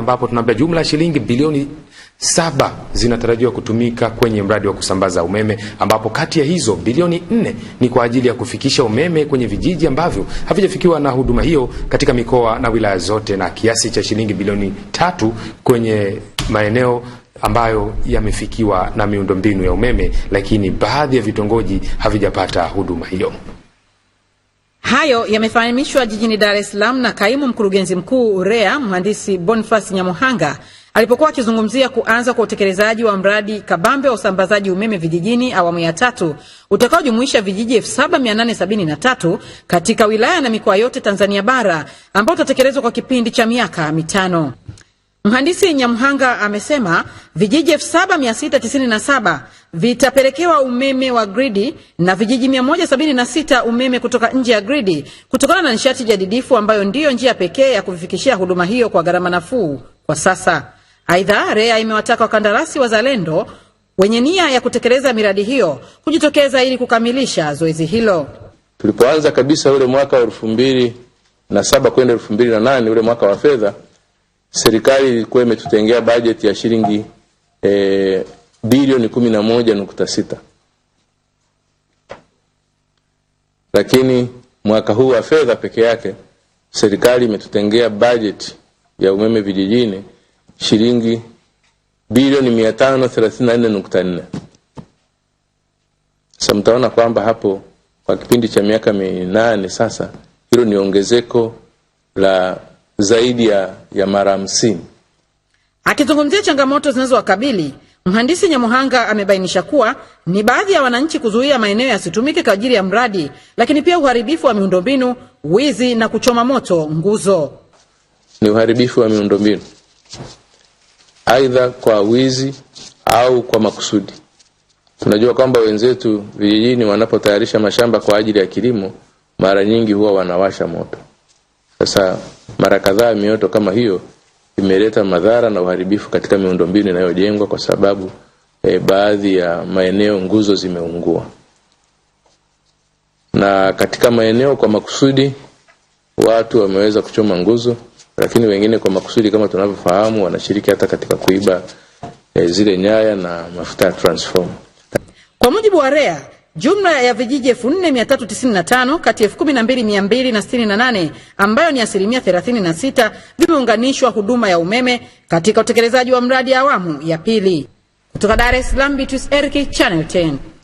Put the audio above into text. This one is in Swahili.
ambapo tunaambia jumla ya shilingi bilioni saba zinatarajiwa kutumika kwenye mradi wa kusambaza umeme ambapo kati ya hizo bilioni nne ni kwa ajili ya kufikisha umeme kwenye vijiji ambavyo havijafikiwa na huduma hiyo katika mikoa na wilaya zote na kiasi cha shilingi bilioni tatu kwenye maeneo ambayo yamefikiwa na miundombinu ya umeme, lakini baadhi ya vitongoji havijapata huduma hiyo. Hayo yamefahamishwa jijini Dar es Salaam na kaimu mkurugenzi mkuu REA mhandisi Boniface Nyamuhanga alipokuwa akizungumzia kuanza kwa utekelezaji wa mradi kabambe wa usambazaji umeme vijijini awamu ya tatu utakaojumuisha vijiji 7873 katika wilaya na mikoa yote Tanzania bara ambao utatekelezwa kwa kipindi cha miaka mitano. Mhandisi Nyamhanga amesema vijiji 7697 vitapelekewa umeme wa gridi na vijiji 176 umeme kutoka nje ya gridi kutokana na nishati jadidifu ambayo ndiyo njia pekee ya kuvifikishia huduma hiyo kwa gharama nafuu kwa sasa. Aidha, REA imewataka wakandarasi wazalendo wenye nia ya kutekeleza miradi hiyo kujitokeza ili kukamilisha zoezi hilo. Tulipoanza kabisa ule mwaka wa elfu mbili na saba kwenda elfu mbili na nane ule mwaka wa fedha serikali ilikuwa imetutengea bajeti ya shilingi e, bilioni kumi na moja nukta sita lakini mwaka huu wa fedha peke yake serikali imetutengea bajeti ya umeme vijijini shilingi bilioni mia tano thelathini na nne nukta nne. Sasa mtaona kwamba hapo kwa kipindi cha miaka minane sasa hilo ni ongezeko la zaidi ya, ya mara hamsini. Akizungumzia changamoto zinazowakabili mhandisi Nyamuhanga amebainisha kuwa ni baadhi ya wananchi kuzuia maeneo yasitumike kwa ajili ya mradi, lakini pia uharibifu wa miundombinu, wizi na kuchoma moto nguzo. Ni uharibifu wa miundombinu aidha kwa wizi au kwa makusudi. Tunajua kwamba wenzetu vijijini wanapotayarisha mashamba kwa ajili ya kilimo, mara nyingi huwa wanawasha moto. Sasa mara kadhaa mioto kama hiyo imeleta madhara na uharibifu katika miundombinu inayojengwa kwa sababu e, baadhi ya maeneo nguzo zimeungua. Na katika maeneo kwa makusudi watu wameweza kuchoma nguzo, lakini wengine kwa makusudi kama tunavyofahamu wanashiriki hata katika kuiba e, zile nyaya na mafuta ya transformer. Kwa mujibu wa REA, Jumla ya vijiji 4395 kati ya 12268 ambayo ni asilimia 36 vimeunganishwa huduma ya umeme katika utekelezaji wa mradi awamu ya pili. Kutoka Dar es Salaam, Erki, Channel 10.